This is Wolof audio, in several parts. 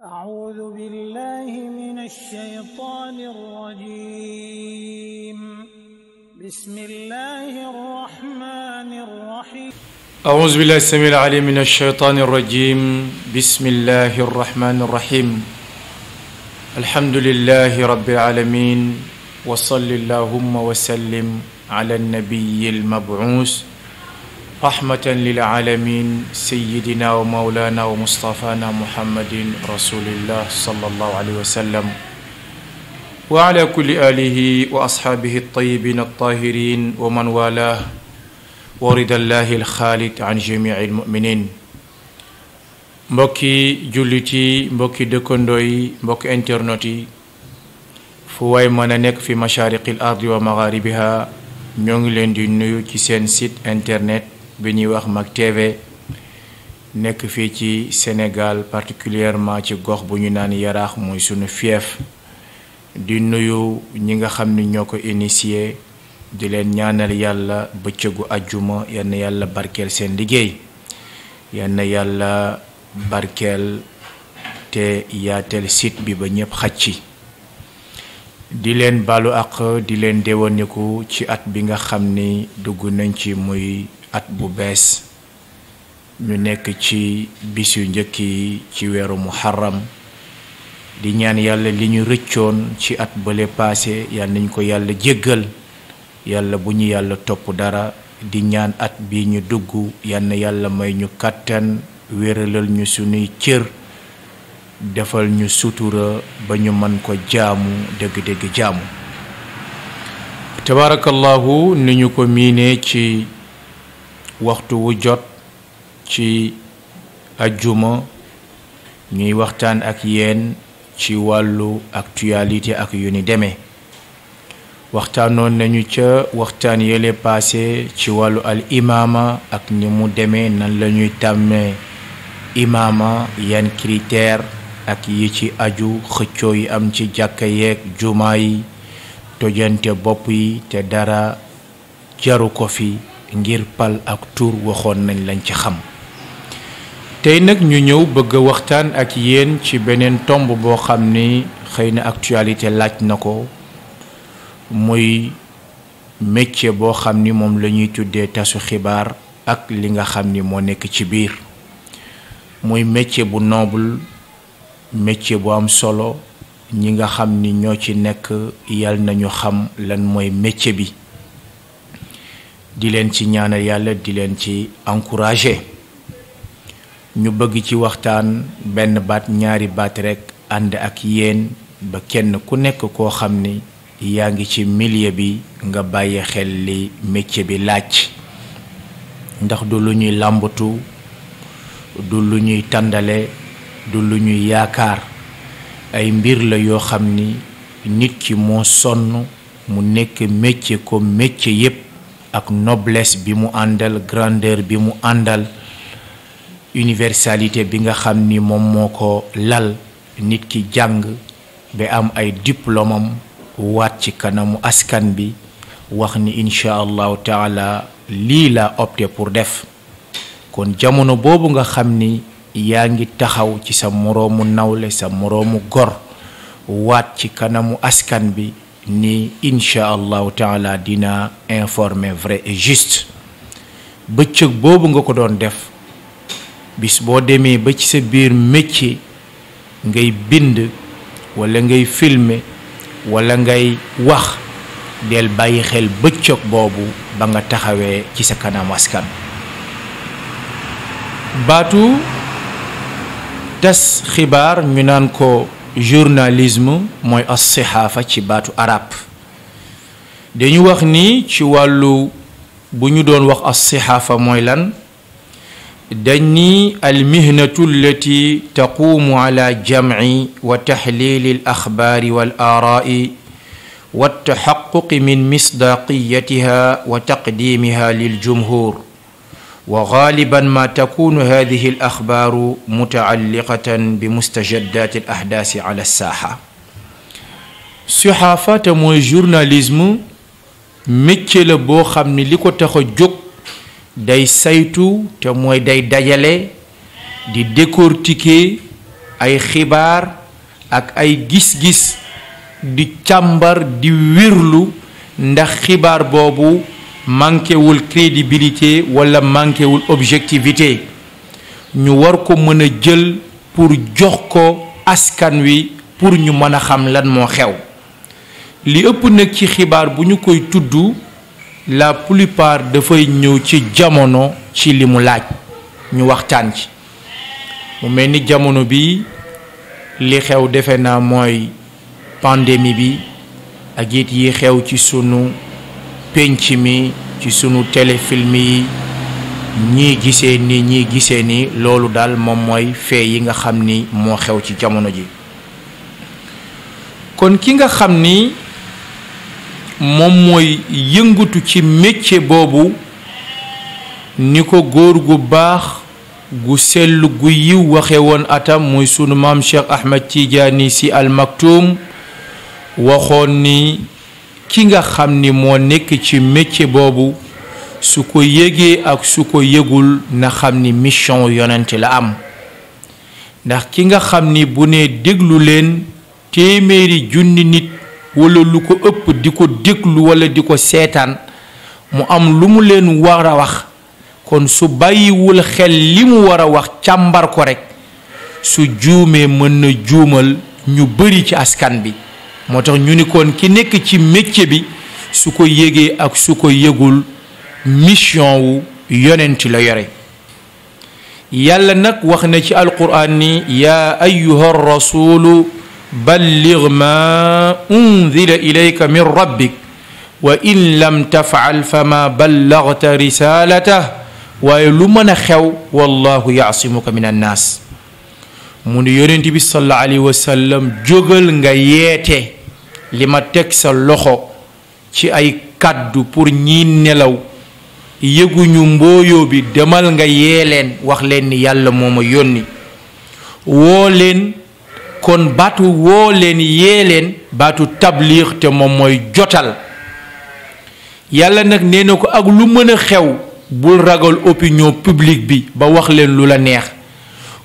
أعوذ بالله من الشيطان الرجيم بسم الله الرحمن الرحيم أعوذ بالله السميع العليم من الشيطان الرجيم بسم الله الرحمن الرحيم الحمد لله رب العالمين وصل اللهم وسلم على النبي المبعوث rahmatan lil alamin sayidina wa maulana wa mustafana muhammadin rasulillah sallallahu alayhi wa sallam wa ala kulli alihi wa ashaabihi altayibin altahirin wa man walah wa ridallahi alxaalid an jamii almuminin mbokki jullit yi mbokki dëkkandoo yi mbokki internet yi fu waay mën a nekk fi mashaariqi al ardi wa magharibiha ñoo ngi leen di nuyu ci seen site internet bi ñuy wax Mak TV nekk fii ci Sénégal particulièrement ci gox bu ñu naan yaraax mooy sunu fief di nuyu ñi nga xam ni ñoo ko initié di leen ñaanal yàlla bëccëgu ajjuma yal na yàlla barkeel seen liggéey yal na yàlla barkeel te yaatel sit bi ba ñëpp xaj ci di leen baalu àq di leen déwaniku ci at bi nga xam ni dugg nañ ci muy at bu bees ñu nekk ci bis yu njëkk yi ci weeru muharram di ñaan yàlla li ñu rëccoon ci at bële paase yàlla nañ ko yàlla jéggal yàlla bu ñu yàlla topp dara di ñaan at bi ñu dugg yal yàlla may ñu kàttan wéralal ñu sunuy cër defal ñu sutura ba ñu mën ko jaamu dëgg-dëgg jaamu tabaarakallahu ni ñu ko miinee ci waxtu wu jot ci ajuma ñuy waxtaan ak yéen ci wàllu actualité ak yu ni demee waxtaanoon nañu ca waxtaan yële passé ci wàllu al imaama ak ni mu demee nan la ñuy tàmmee imaama yan critère ak yi ci aju xëccoo yi am ci jàkka yeeg jumaa yi tojante bopp yi te dara jaru ko fii ngir pal ak tur waxoon nañ lañ ci xam tey nag ñu ñëw bëgg a waxtaan ak yéen ci beneen tomb boo xam ni xëy na actualité laaj na ko muy métier boo xam ni moom lañuy tuddee tasu xibaar ak li nga xam ni moo nekk ci biir mooy métier bu noble métier bu am solo ñi nga xam ni ñoo ci nekk yal nañu xam lan mooy métier bi di leen ci ñaanal yàlla di leen ci encourager ñu bëgg ci waxtaan benn baat ñaari baat rekk ànd ak yéen ba kenn ku nekk koo xam ni yaa ngi ci millier bi nga bàyyi xel li métier bi laaj ndax du lu ñuy làmbatu du lu ñuy tàndale du lu ñuy yaakaar ay mbir la yoo xam ni nit ki moo sonn mu nekk métier comme métier yépp ak nobles bi mu àndal grandeur bi mu àndal universalité bi nga xam ni moom moo ko lal nit ki jàng ba am ay diplomam am waat ci kanamu askan bi wax ni incha allahu taala lii la opté pour def kon jamono boobu nga xam ni yaa ngi taxaw ci sa moroomu nawle sa moroomu gor waat ci kanamu askan bi ni incha allahu taala dina informer vrai et juste bëccëg boobu nga ko doon def bis boo demee ba ci sa biir métier ngay bind wala ngay filmer wala ngay wax del bàyyi xel bëccëg boobu ba nga taxawee ci sa kanam askan baatu tas xibaar ñu naan ko journalisme mooy as-sihaafa ci baatu arab dañu wax ni ci wàllu bu ñu doon wax as-sihaafa mooy lan dañ ni almihnatu allati taquumu ala jamci wa taxlili alaxbaari wal aaraai wa altaxaquqi min misdaaqiyatiha wa taqdiimiha liljumhur wa xaaliban ma takunu hadihi al axbaaru mutaalliqatan bi mustajaddaati al ahdaasi ala saaxa te mooy journalisme métier la boo xam ni li ko tax jóg day saytu te mooy day dajale di décortiquer ay xibaar ak ay gis-gis di càmbar di wirlu ndax xibaar boobu manqué wul crédibilité wala manqué wul objectivité ñu war ko mën a jël pour jox ko askan wi pour ñu mën a xam lan moo xew li ëpp nag ci xibaar bu ñu koy tudd la plupart dafay ñëw ci jamono ci li mu laaj ñu waxtaan ci mu mel ni jamono bi li xew defe naa mooy pandémie bi ak it yi xew ci sunu pénc mi ci sunu téléfilm yi ñii gisee ni ñii gisee ni loolu daal moom mooy fee yi nga xam ni moo xew ci jamono ji kon ki nga xam ni moom mooy yëngatu ci métier boobu ni ko góor gu baax gu sell gu yiw waxe woon atam muy sunu maam Cheikh Ahmed Tidiane si al Maktoum waxoon ni ki nga xam ni moo nekk ci métier boobu su ko yëgee ak su ko yëgul na xam ni mission yonent la am ndax ki nga xam ni bu ne déglu leen téeméeri junni nit walla lu ko ëpp di ko déglu walla di ko seetaan mu am lu mu leen wara wax kon su bàyyiwul xel li mu war a wax càmbar ko rekk su juumee mën na juumal ñu bari ci askan bi moo tax ñu ni kon ki nekk ci métier bi su ko yégee ak su ko yëgul mission wu yonent la yore yàlla nag wax na ci alquraan ni yaa ayuha rasulu balligh ma unzila ilayka min rabbik wa in lam tafaal fa ma ballagta risalatah waaye lu mën a xew wallahu yaasimuka min annaas mu ne yonent bi sallallahu alayhi wa sallam jógal nga yeete li ma teg sa loxo ci ay kàddu pour ñi nelaw yëguñu mbooyoo bi demal nga yee leen wax leen ni yàlla moo ma yónni woo leen kon baatu woo leen yee leen baatu tabliix te moom mooy jotal yàlla nag nee na ko ak lu mën a xew bul ragal opinion publik bi ba wax leen lu la neex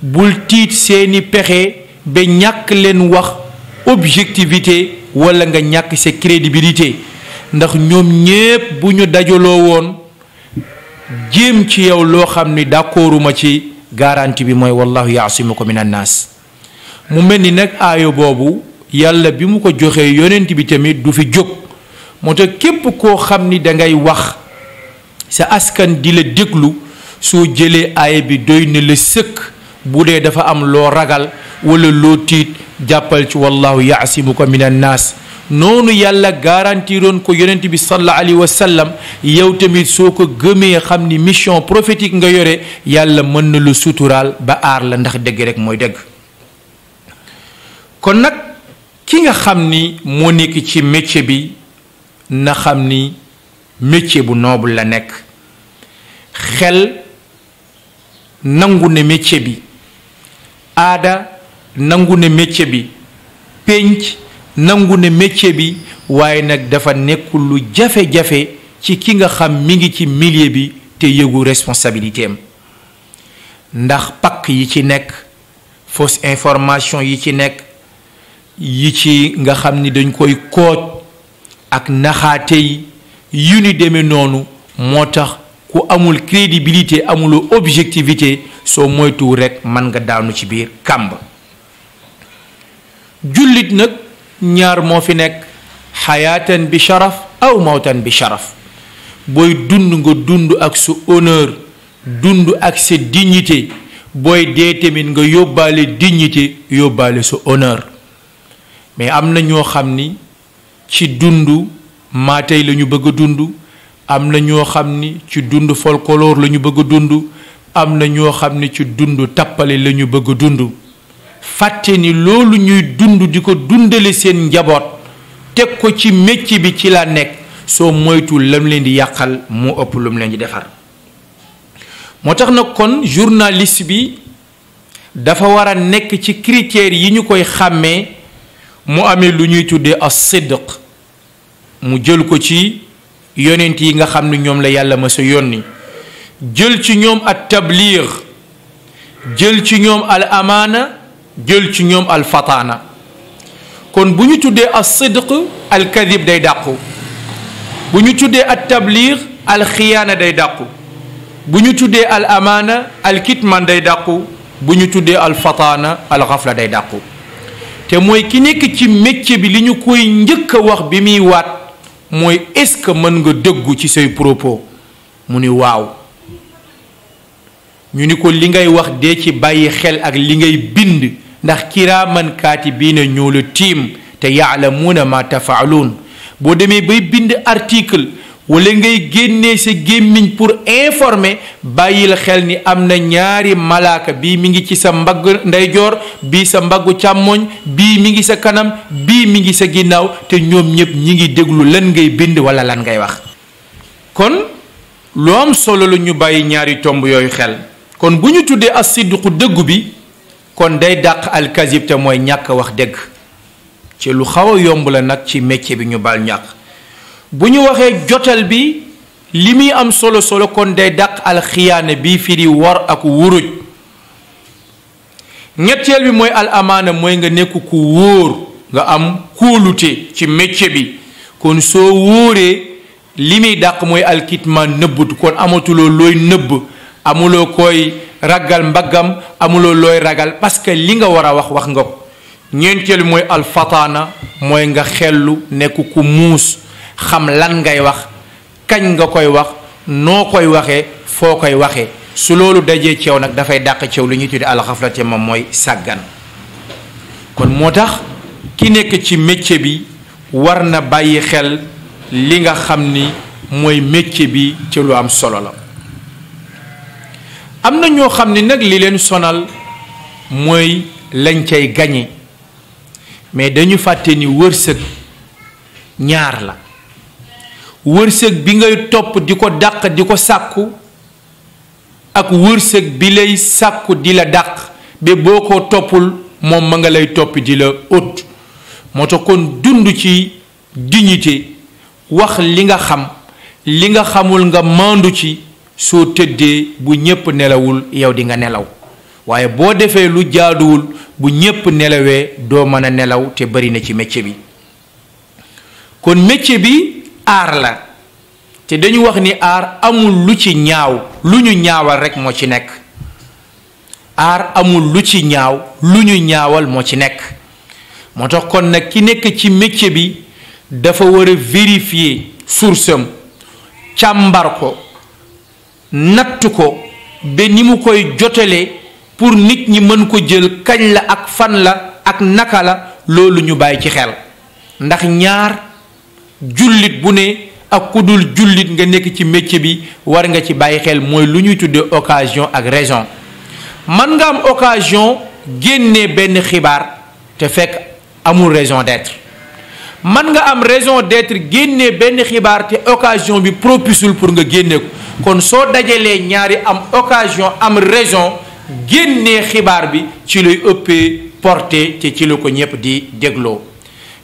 bul tiit seeni pexe ba ñàkk leen wax objectivité wala nga ñàkk sa crédibilité ndax ñoom ñépp bu ñu dajaloo woon jéem ci yow loo xam ni d'accorduma ci garanti bi mooy wallahu yaasimuka min annaas mu mel ni nag aayo boobu yàlla bi mu ko joxee yonent bi tamit du fi jóg moo te képp koo xam ni dangay wax sa askan di la déglu soo jëlee aaya bi doy na la sëkk bu dee dafa am loo ragal walla loo tiit jàppal ci wallahu yaasimuka ko annaas noonu yàlla garantiroon ko yonent bi sallallahu alayhi sallam yow tamit soo ko gëmee xam ni mission prophétique nga yore yàlla mën na lu suturaal ba aar la ndax dëgg rek mooy dëgg kon nag ki nga xam ni moo nekk ci métier bi na xam ni métier bu noble la nekk xel nangu ne métier bi aada nangu ne métier bi penc nangu ne métier bi waaye nag dafa nekkul lu jafe-jafe ci ki nga xam mi ngi ci milieu bi te yëgu responsabilité ndax pakk yi ci nekk fausse information yi ci nekk yi ci nga xam ni dañ koy kooj ak naxaate yi yu ni deme noonu moo tax ku amul crédibilité amul objectivité soo moytuwul rekk mën nga daanu ci biir kàmb jullit nag ñaar moo fi nekk xayaatan bi sharaf aw mawtan bi sharaf booy dund nga dund ak sa honneur dund ak sa dignité booy dee tamit nga yóbbaale dignité yóbbaale sa honneur mais am na ñoo xam ni ci dund maa tey la ñu bëgg a dund am na ñoo xam ni ci dund folklore lañu ñu bëgg a dund am na ñoo xam ni ci dund tappale lañu ñu bëgg a dund fàtte ni loolu ñuy dund di ko dundale seen njaboot teg ko ci métier bi ci la nekk soo moytul lam leen di yàqal moo ëpp lu mu leen di defar moo tax nag kon journaliste bi dafa war a nekk ci critères yi ñu koy xàmmee mu amee lu ñuy tuddee as sidq mu jël ko ci yonent yi nga xam ne ñoom la yàlla ma yoon yónni jël ci ñoom at tabliir jël ci ñoom al amaana jël ci ñoom al fataana kon bu ñu tuddee al sidq al kadib day dàqu bu ñu tuddee at tabliir al xiyaana day dàqu bu ñu tuddee al amaana al kitman day dàqu bu ñu tuddee al fataana al xafla day dàqu te mooy ki nekk ci métier bi li ñu koy njëkk a wax bi muy waat mooy est-ce que mën nga dëggu ci say propos mu ni waaw ñu ni ko li ngay wax dee ci bàyyi xel ak li ngay bind ndax kiraaman kaatibiina ñoo la tiim te yaalamuuna ma tafaaluun boo demee bay bind article wala ngay génnee sa gémmiñ pour informer bàyyil xel ni am na ñaari malaaka bii mi ngi ci sa mbagg ndeyjoor bii sa mbaggu càmmooñ bii mi ngi sa kanam bii mi ngi sa ginnaaw te ñoom ñépp ñi ngi déglu lan ngay bind wala lan ngay wax kon lu am solo la ñu bàyyi ñaari tomb yooyu xel kon bu ñu tuddee as-sidqu dëggu bi kon day dàq alkazib te mooy ñàkk wax dëgg ci lu xaw a yomb la nag ci métier bi ñu baal ñàkk bu ñu waxee jotal bi li muy am solo solo kon day dàq alxiyaane bii firi war ak wuruj ñetteel bi mooy al amaana mooy nga nekk ku wóor nga am kóolute ci métier bi kon soo wóoree li muy dàq mooy alkitmaan nëbbut kon amatuloo looy nëbb amuloo koy ragal mbaggam amuloo looy ragal parce que li nga war a wax wax nga ko ñeenteel bi mooy alfataana mooy nga xellu nekk ku muus xam lan ngay wax kañ nga koy wax noo koy waxee foo koy waxee su loolu dajee ceew nag dafay dàq ceew lu ñuy tudde alxafla te moom mooy sàggan kon moo tax ki nekk ci métier bi war na bàyyi xel li nga xam ni mooy métier bi ci lu am solo la am na ñoo xam ni nag li leen sonal mooy lañ cay gañe mais dañu fàtte ni wërsëg ñaar la wërsëg bi ngay topp di ko dàq di ko sàkku ak wërsëg bi lay sàkku di la dàq ba boo ko toppul moom ma nga lay topp di la ut moo tax kon dund ci dignité wax li nga xam li nga xamul nga mandu ci soo tëddee bu ñépp nelawul yow dinga nelaw waaye boo defee lu jaaduwul bu ñépp nelawee doo mën a nelaw te barina ci métier bi kon métier bi aar la te dañu wax ni aar amul lu ci ñaaw lu ñu ñaawal rekk moo ci nekk aar amul lu ci ñaaw lu ñu ñaawal moo ci nekk moo tax kon nag ki nekk ci métier bi dafa war a vérifier source càmbar ko natt ko ba ni mu koy jotalee pour nit ñi mën ko jël kañ la ak fan la ak naka la loolu ñu bàyyi ci xel ndax ñaar jullit bu ne ak ku dul jullit nga nekk ci métier bi war nga ci bàyyi xel mooy lu ñuy tuddee occasion ak raison man nga am occasion génnee benn xibaar te fekk amul raison d'être man nga am raison d'être génnee benn xibaar te occasion bi propisul pour nga génne ko kon soo dajalee ñaari am occasion am raison génnee xibaar bi ci lay ëppee porté te ci la ko ñépp di dégloo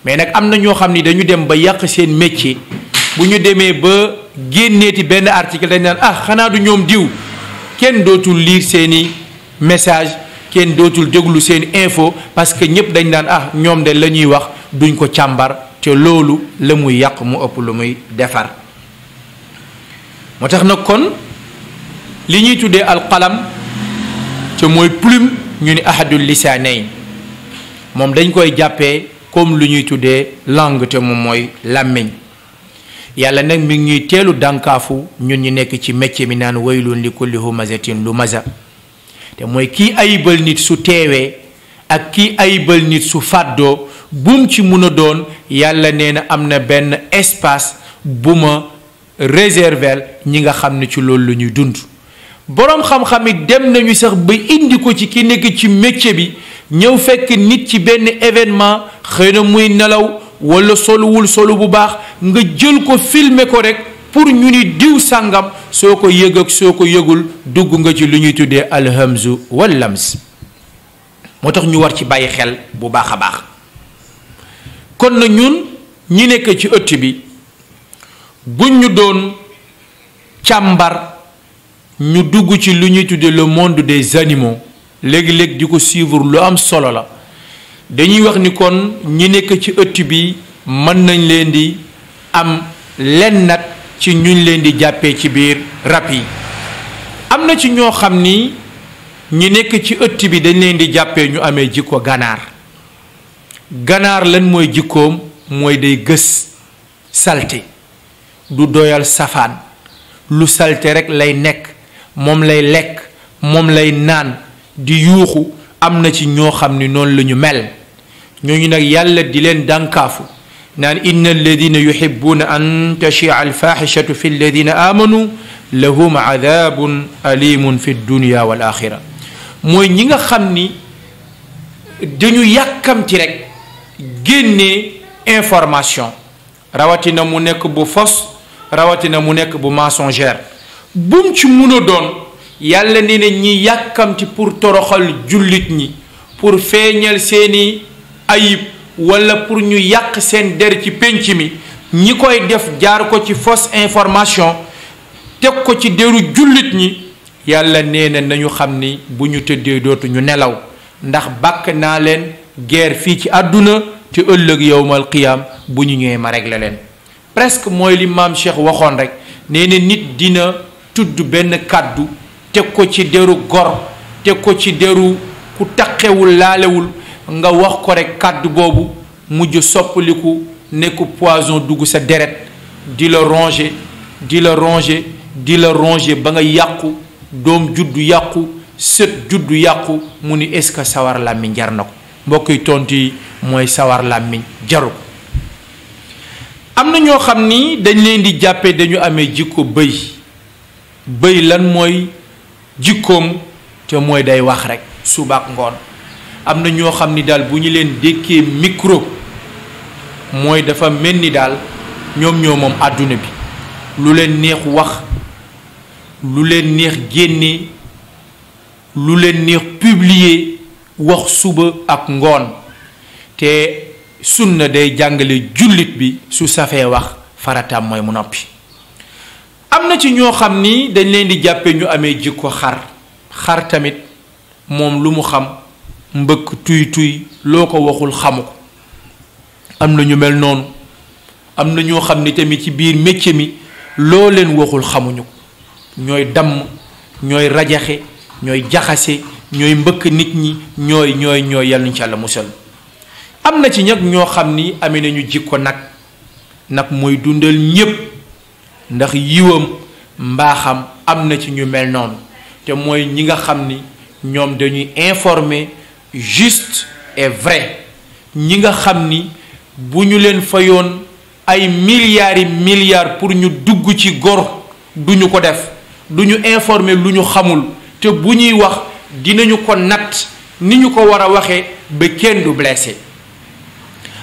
mais nag am na ñoo xam ni dañu dem ba yàq seen métier bu ñu demee ba génneeti benn article dañ naan ah xanaa du ñoom diw kenn dootul lire seeni message kenn dootul déglu seen info parce que ñëpp dañ naan ah ñoom de la ñuy wax duñ ko càmbar te loolu la muy yàq mu ëpp lu muy defar moo tax nag kon li ñuy tuddee alqalam te mooy plume ñu ni ahadul lisaanayn moom dañ koy jàppee comme lu ñuy tuddee langue te moom mooy làmmiñ yàlla nag mi ngi teelu dànkaafu ñun ñu nekk ci métier bi naan waylun li kulli lu lumaza te mooy kii ayibal nit su teewee ak kii ayibal nit su fàddoo bum ci mun a doon yàlla nee na am na benn espace bu ma réservel ñi nga xam ne ci loolu la ñuy dund boroom xam-xam dem nañu sax ba indi ko ci ki nekk ci métier bi ñëw fekk nit ci benn événement xëy na muy nelaw wala soluwul solu bu baax nga jël ko filmer ko rek pour ñu ni diw sàngam soo ko yëg ak soo ko yëgul dugg nga ci lu ñuy tuddee alhamzu wal lams moo tax ñu war ci bàyyi xel bu baax a baax kon na ñun ñi nekk ci ëtt bi bu ñu doon càmbar ñu dugg ci lu ñuy tuddee le monde des animaux léegi-léeg di ko suivre lu am solo la dañuy wax ni kon ñi nekk ci ëtt bi mën nañ leen di am lenn nag ci ñuñ leen di jàppee ci biir rab yi am na ci ñoo xam ni ñi nekk ci ëtt bi dañ leen di jàppee ñu amee jikko ganaar ganaar lan mooy jikkoom mooy day gës salte du doyal safaan lu salte rekk lay nekk moom lay lekk moom lay naan di yuuxu am na ci ñoo xam ni noonu la ñu mel ñooñu nag yàlla di leen dànkaafu naan inna alladina yuhibuuna an tachia alfaxishatu fi alladina aamanu lahum adabun alimun fi dunia wal axira mooy ñi nga xam ni dañu yàkkamti rek génnee information rawatina mu nekk bu fausse rawatina mu nekk bu mensongère bum ci mun a doon yàlla nee na ñi yàkkamti pour toroxal jullit ñi pour feeñal seeni ayib wala pour ñu yàq seen der ci pénc mi ñi koy def jaar ko ci fausse information teg ko ci dëru jullit ñi yàlla nee nañu xam ni bu ñu tëddee dootu ñu nelaw ndax bàkk naa leen guerre fii ci àdduna te ëllëg yowmal qiyaam bu ñu ñëwee ma réglé leen presque mooy li maam Cheikh waxoon rek nee nit dina tudd benn kàddu teg ko ci deru gor teg ko ci deru ku taqewul laalewul nga wax ko rekk kàddu boobu mujj soppaliku nekk poison dugg sa deret di la ronger di la ronger ba nga yàqu doom juddu yàqu sët juddu yàqu mu ni est-ce que sawar làmmiñ jar na ko mbokk yi tontu yi mooy sawar làmmiñ jaru ko am na ñoo xam ni dañ leen di jàppe dañu amee jikko bëy bëy lan mooy jikkoom ca mooy day wax rek subaak ngoon am na ñoo xam ni daal bu ñu leen dékkee micro mooy dafa mel ni daal ñoom ñoo moom àdduna bi lu leen neex wax lu leen neex génne lu leen neex publier wax suba ak ngoon te na day jàngale jullit bi su safee wax farataam mooy mu noppi am na ci ñoo xam ni dañ leen di jàppe ñu amee jikko xar xar tamit moom lu mu xam mbëkk tuy tuy loo ko waxul xamu ko am na ñu mel noonu am na ñoo xam ni tamit ci biir métier mi loo leen waxul xamuñu ko ñooy damm ñooy rajaxe ñooy jaxase ñooy mbëkk nit ñi ñooy ñooy ñooy yàlla nañ ci yàlla musal am na ci ñag ñoo xam ni amee nañu jikko nag nag mooy dundal ñépp ndax yiwam mbaaxam am na ci ñu mel noonu te mooy ñi nga xam ni ñoom dañuy informer juste et vrai ñi nga xam ni bu ñu leen fayoon ay milliards yi milliards pour ñu dugg ci gor duñu ko def duñu informer lu ñu xamul te bu ñuy wax dinañu ko natt ni ñu ko war a waxee ba kenn du blessé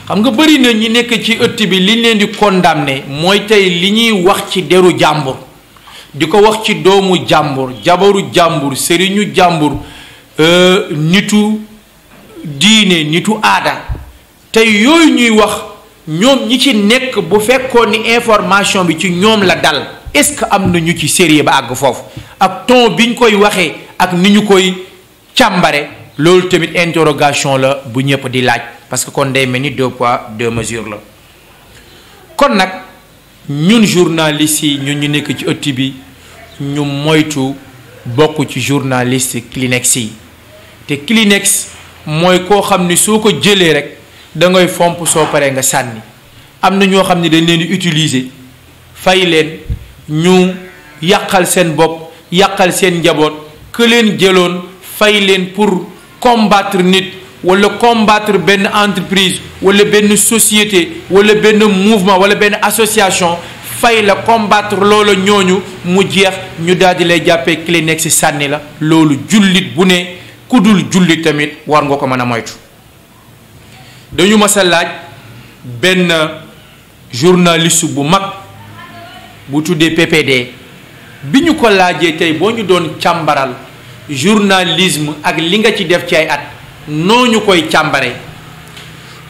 xam nga bëri na ñi nekk ci ëtt bi liñ leen di ne mooy tey li ñuy wax ci deru jàmbur di ko wax ci doomu jàmbur jabaru jàmbur sëriñu jàmbur euh, nitu diine nitu aada tey yooyu ñuy wax ñoom ñi ci nekk bu fekkoon ni information bi ci ñoom la dal est-ce que am na ñu ci sérieux ba àgg foofu ak ton biñ koy waxee ak ni ñu koy càmbare loolu tamit interrogation la bu ñëpp di laaj parce que kon day mel ni deux poids deux mesures la kon nag ñun journaliste yi ñu ñu nekk ci ëtt bi ñu moytu bokk ci journaliste Kleenex yi te Kleenex mooy koo xam ni soo ko jëlee rek da ngay fomp soo paree nga sànni am na ñoo xam ne dañ leen di utiliser fay leen ñu yàqal seen bopp yàqal seen njaboot que jëloon fay leen pour. combattre nit wala combattre benn entreprise wala benn société wala benn mouvement wala benn association fay la combattre loola ñooñu mu jeex ñu daal di lay jàppee clé nekk si sànni la loolu jullit bu ne ku dul jullit tamit war nga ko mën a moytu dañu mas a laaj benn journaliste bu mag bu tuddee PPD bi ñu ko laajee tey boo ñu doon càmbaral journalisme ak li nga ci def ci ay at ñu koy càmbare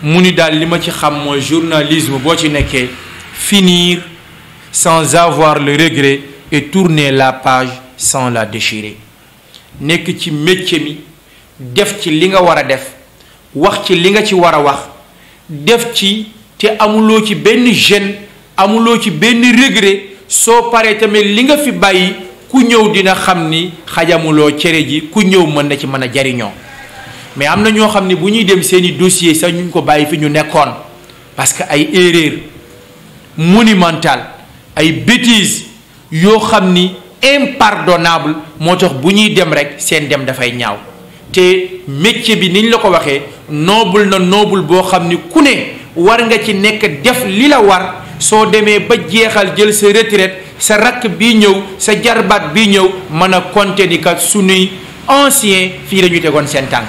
mu ni daal li ma ci xam mooy journalisme boo ci nekkee finir sans avoir le regret et tourner la page sans la déchirer nekk ci métier mi def ci li nga war a def wax ci li nga ci war a wax def ci te amuloo ci benn gêne amuloo ci benn regret soo paree tamit li nga fi bàyyi ku ñëw dina xam ni xajamuloo cere ji ku ñëw mën na ci mën a jariñoo mais am na ñoo xam ni bu ñuy dem seeni dossier sax ñu ko bàyyi fi ñu nekkoon parce que ay erreur monumentale ay bêtises yoo xam ni impardonnable moo tax bu ñuy dem rek seen dem dafay ñaaw te métier bi niñ la ko waxee noobul na noble boo xam ni ku ne war nga ci nekk def li la war soo demee ba jeexal jël sa retraite sa rakk bi ñëw sa jarbaat bi ñëw mën a konte ni kat sunuy ancien fii la ñu tegoon seen tànk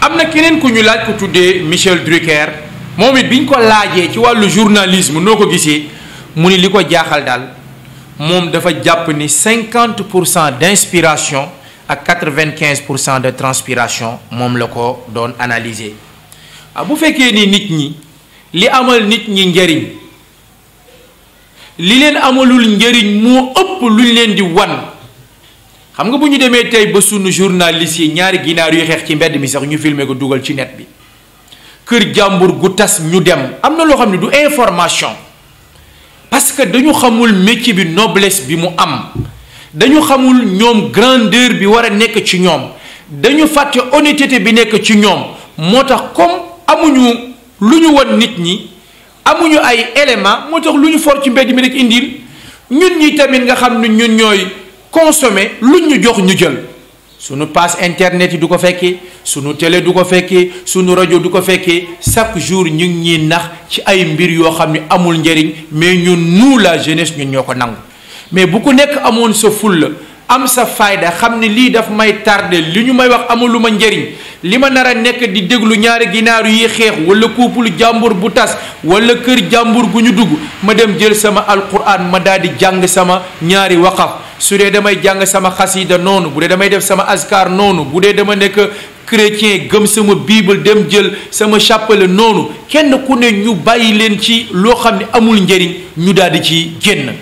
am na keneen ku ñu laaj ko tuddee Michel Drucker moom it bi ñu ko laajee ci wàllu journalisme noo ko gisee mu ni li ko jaaxal daal moom dafa jàpp ni cinquante pour cent d'inspiration ak quatre-vingt-quinze pour cent de transpiration moom la ko doon analyser ah bu fekkee ni nit ñi li amal nit ñi njariñ li leen amalul njariñ moo ëpp luñ leen di wan xam nga bu ñu demee tey ba sunu journaliste yi ñaari ginaar yu xeex ci mbedd mi sax ñu filmer ko dugal ci net bi kër jàmbur gu tas ñu dem am na loo xam ne du information parce que dañu xamul métier bi noblesse bi mu am dañu xamul ñoom grandeur bi war a nekk ci ñoom dañu fàtte honnêteté bi nekk ci ñoom moo tax comme amuñu lu ñu won nit ñi amuñu ay élément moo tax lu ñu for ci mbedd mi rek indil ñun ñi tamit nga xam ne ñun ñooy consommer lu ñu jox ñu jël suñu passe internet yi du ko fekkee suñu télé du ko fekkee suñu rajo du ko fekkee chaque jour ñu ngi ñuy nax ci ay mbir yoo xam ne amul njëriñ mais ñun nous la jeunesse ñun ñoo ko nangu mais bu ko nekk amoon sa fulla am sa fayda xam ne lii daf may tardé li ñu may wax amul lu ma njëriñ li ma nar a nekk di déglu ñaari ginaar yuy xeex wala couple jàmbur bu tas wala kër jàmbur gu ñu dugg ma dem jël sama alquran ma daal di jàng sama ñaari waqaf su dee damay jàng sama xasida noonu bu dee damay def sama askar noonu bu dee dama nekk chrétien gëm sama bible dem jël sama chapelle noonu kenn ku ne ñu bàyyi leen ci loo xam ne amul njëriñ ñu daal di ci génn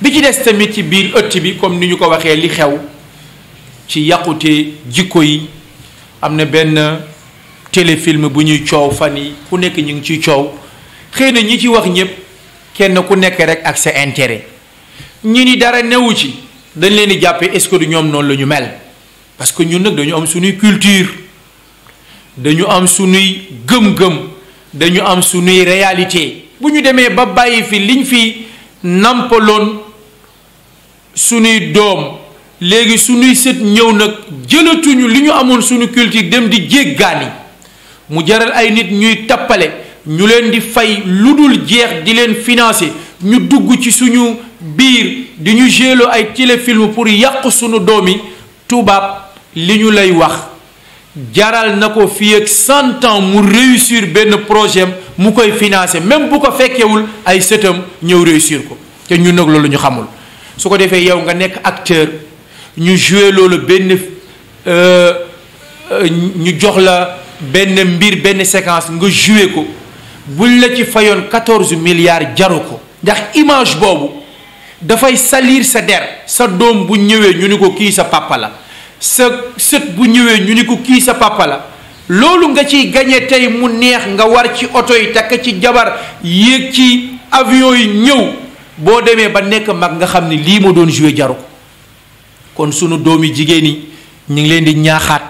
bi ci des tamit ci biir ëtt bi comme ni ñu ko waxee li xew ci yàqute jikko yi am na benn téléfilm bu ñuy coow fan yi ku nekk ñu ngi ciy coow xëy na ñi ci wax ñëpp kenn ku nekk rek ak sa intérêt ñi ni dara newu ci dañ leen di jàppee est-ce ñoom noonu la ñu mel parce que ñun nag dañu am suñuy culture dañu am suñuy gëm-gëm dañu am suñuy réalité bu ñu demee ba bàyyi fi liñ fi nampaloon sunuy doom léegi suñuy sët ñëw nag jëlatuñu li ñu amoon suñu culture dem di jéggaani mu jaral ay nit ñuy tappale ñu leen di fay lu dul jeex di leen financer ñu dugg ci suñu biir di ñu gélo ay téléfilm pour yàq suñu doomi tubaab li ñu lay wax jaral na ko fii ak cent ans mu réussir benn projet mu koy financer même bu ko fekkewul ay sëtam ñëw réussir ko te ñun nag lu ñu xamul su ko defee yow nga nekk acteur ñu joué loolu benn euh, euh, ñu jox la benn mbir benn séquence nga joué ko buñ la ci fayoon quatorze milliards jaru ko ndax image boobu dafay salir sa der sa doom bu ñëwee ñu ni ko kii sa papa sa sët bu ñëwee ñu ni ko kii sa papa loolu nga ciy gañe tey mu neex nga war ci oto yi takk ci jabar yéeg ci avion yi ñëw boo demee ba nekk mag nga xam ni lii ma doon joué jaru ko kon sunu doom yi jigéen yi ñu ngi leen di ñaaxaat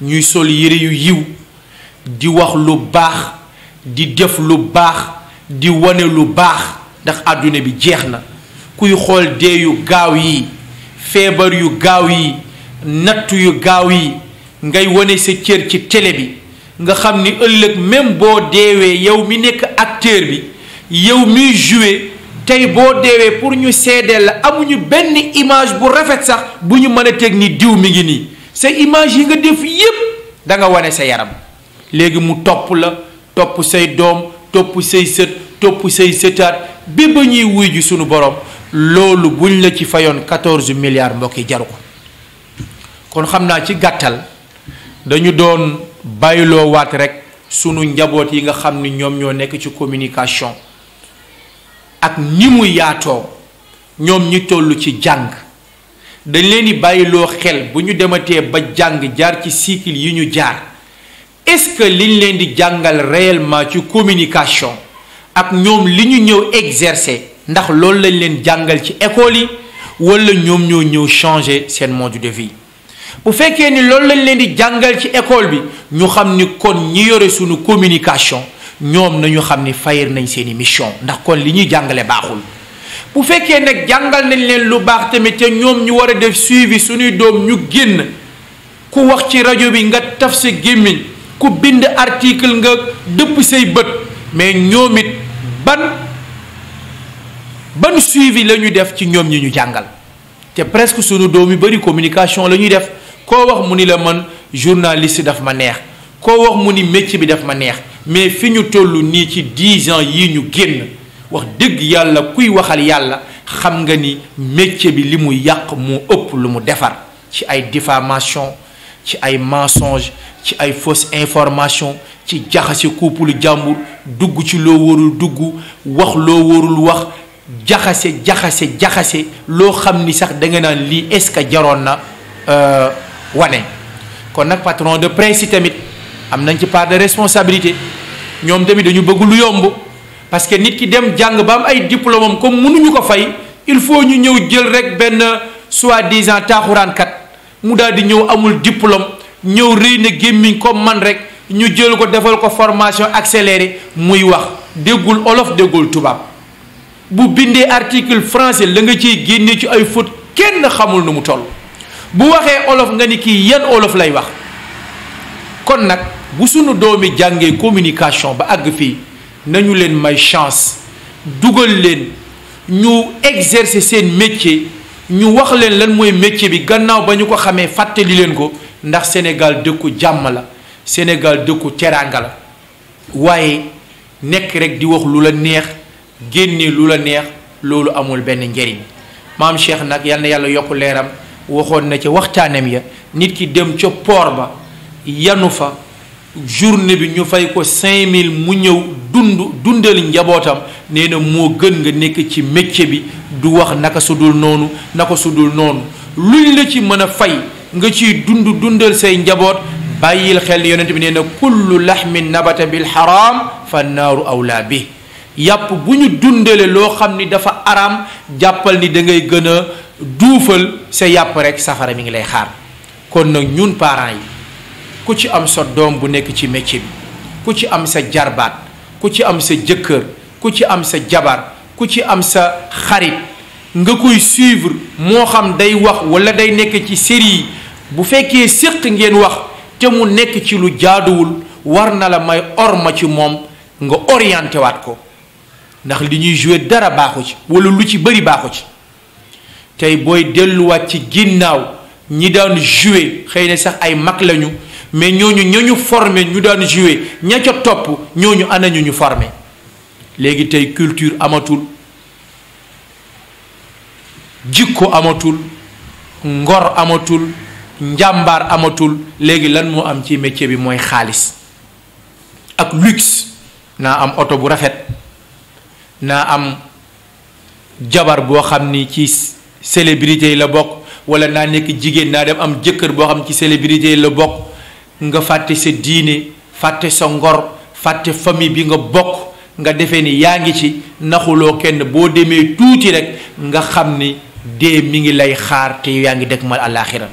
ñuy sol yére yu yiw di wax lu baax di def lu baax di wane lu baax ndax àdduna bi jeex na kuy xool dee yu gaaw yi feebar yu gaaw yi natt yu gaaw yi ngay wane sa cër ci télé bi nga xam ni ëllëg même boo deewee yow mi nekk acteur bi yow miy joué tey boo deewee pour ñu seedeel la amuñu benn image bu rafet sax bu ñu mën a teg ni diw mi ngi nii sa image yi nga def yépp da nga wane sa yaram léegi mu topp la topp say doom topp say sët topp say sëtaat bi ba ñuy wuy ji sunu borom loolu buñ la ci fayoon quatorze milliards mbokk yi jaru ko kon xam naa ci gàttal dañu doon bàyyiloo waat rek sunu njaboot yi nga xam ni ñoom ñoo nekk ci communication ak ni mu yaatoo ñoom ñi toll ci jàng dañ leen di bàyyiloo xel bu ñu dematee ba jàng jaar ci cycle yi ñu jaar est-ce que liñ leen di jàngal réellement ci communication ak ñoom li ñu ñëw exercer ndax loolu lañ leen jàngal ci école yi wala ñoom ñoo ñëw changer seen mode de vie bu fekkee ni loolu lañ leen di jàngal ci école bi ñu xam ni kon ñi yore sunu communication ñoom nañu xam ni fayir nañ seeni mission ndax kon li ñuy jàngale baaxul bu fekkee nag jàngal nañ leen lu baax tamit te ñoom ñu war a def suivi suñuy doom ñu génn ku wax ci rajo bi nga taf sa gémmiñ ku bind article nga dëpp say bët mais ñoom it ban ban suivi la ñu def ci ñoom ñi ñu jàngal te presque suñu doom yu bëri communication la ñuy def koo wax mu ni la man journaliste daf ma neex koo wax mu ni métier bi daf ma neex mais fi ñu tollu nii ci dix ans yi ñu génn wax dëgg yàlla kuy waxal yàlla xam nga ni métier bi li muy yàq moo ëpp lu mu defar ci ay diffamation ci ay mensonge ci ay fausse information ci jaxase couple jàmbur dugg ci loo warul dugg wax loo warul wax jaxase jaxase jaxase loo xam ni sax da nga naan lii est-ce que jaroon na euh, wane kon nag patron de presse tamit am nañ ci part de responsabilité ñoom tamit dañu bëgg lu yomb parce que nit ki dem jàng ba am ay diplôme am comme mënuñu ko fay il faut ñu ñëw jël rek benn soi-disant taaxuraankat mu daal di ñëw amul diplôme ñëw rëy na gémmiñ comme man rek ñu jël ko defal ko formation accélérée muy wax déggul olof déggul tubaab bu bindee article français la nga ci génne ci ay faute kenn xamul nu mu toll bu waxee olof nga ni kii yenn olof lay wax kon nag. bu sunu doomi jàngee communication ba àgg fii nañu leen may chance dugal leen ñu exercer seen métier ñu wax leen lan mooy métier bi gannaaw ba ñu ko xamee fàttali leen ko ndax Sénégal dëkku jàmm la Sénégal dëkku teraanga la waaye nekk rek di wax lu la neex génne lu la neex loolu amul benn njëriñ maam Cheikh nag yal na yàlla yokk leeram waxoon na ca waxtaanam ya nit ki dem ca port ba yanu fa journée bi ñu fay ko cinq mille mu ñëw dund dundal njabootam nee na moo gën nga nekk ci métier bi du wax naka su dul noonu naka su dul noonu luñ la ci mën a fay nga ciy dund dundal say njaboot bàyyil xel ne yonent bi nee na kullu laxmin nabata bil xaraam fa naaru awlaa bi yàpp bu ñu dundale loo xam ni dafa araam jàppal ni da ngay gën a duufal sa yàpp rek safara mi ngi lay xaar kon nag ñun parents yi ku ci am sa doom bu nekk ci métier bi ku ci am sa jarbaat ku ci am sa jëkkër ku ci am sa jabar ku ci am sa xarit nga koy suivre moo xam day wax wala day nekk ci série bu fekkee séq ngeen wax te mu nekk ci lu jaaduwul war na la may orma ci moom nga orienté waat ko ndax li ñuy joué dara baaxu ci wala lu ci bëri baaxu ci tey booy delluwaat ci ginnaaw ñi daan joué xëy na sax ay mag lañu mais ñooñu ñañu formé ñu daan joué ña ca topp ñooñu anañu ñu formé léegi tey culture amatul jikko amatul ngor amatul njàmbaar amatul léegi lan moo am ci métier bi mooy xaalis ak luxe naa am oto bu rafet naa am jabar boo xam ni ci célébrité yi la bokk wala naa nekk jigéen naa dem am jëkkër boo xam ci célébrité yi la bokk nga fàtte sa diine fàtte sa ngor fàtte famille bi nga bokk nga defee ni yaa ngi ci naxuloo kenn boo demee tuuti rek nga xam ni dee mi ngi lay xaar te yaa ngi dëkk ma àllaaxira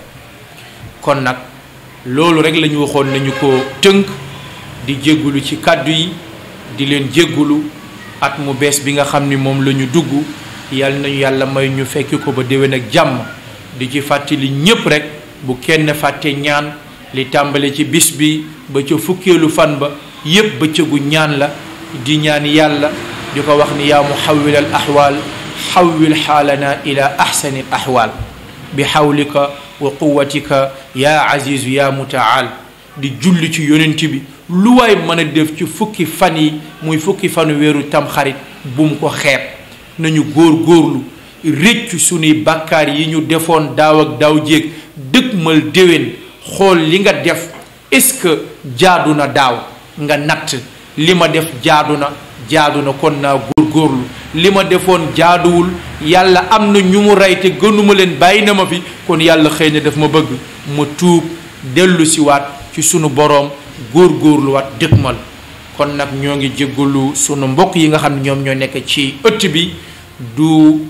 kon nag loolu rek la waxoon nañu ko tënk di jéggulu ci kàddu yi di leen jéggulu at mu bees bi nga xam ni moom lañu ñu dugg yal nañu yàlla may ñu fekki ko ba dewee nag jàmm di ci fàttali ñépp rek bu kenn fàtte ñaan li tàmbale ci bis bi ba ca fukkeelu fan ba yépp bëccëgu ñaan la di ñaan yàlla di ko wax ni yaa muxawil al axwaal xawil xaalana ila axsani axwaal bi xawlika wa quwatika ya azizu yaa mutaal di julli ci yonent bi lu waay mën a def ci fukki fan yi muy fukki fanu weeru tamxarit bum ko xeeb nañu góor góorlu réccu sunuy bàkkaar yi ñu defoon daaw ak daaw jéeg dëgmal déwén xool li nga def est-ce que jaadu na daaw nga natt li ma def jaadu na jaadu na kon naa góorgóorlu li ma defoon jaaduwul yàlla am na ñu mu rey te gënuma leen bàyyi na ma fi kon yàlla xëy na daf ma bëgg ma tuub dellu siwaat ci sunu boroom góor góorgóorluwaat dëkkmal kon nag ñoo ngi jéggalu sunu mbokk yi nga xam ne ñoom ñoo nekk ci ëtt bi du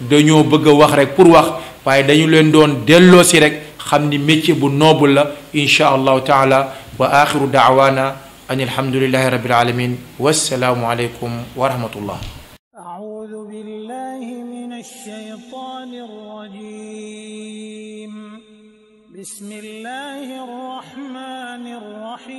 dañoo bëgg a wax rek pour wax waaye dañu leen doon delloo si rek xam ni métier bu noble la incha allahu taala wa axiru daawaana an alhamdulilahi rabbil alamin wassalaamu aleykum wa rahmatullah audu billahi min alshaytani alrajim bismillahi arrahmani arrahim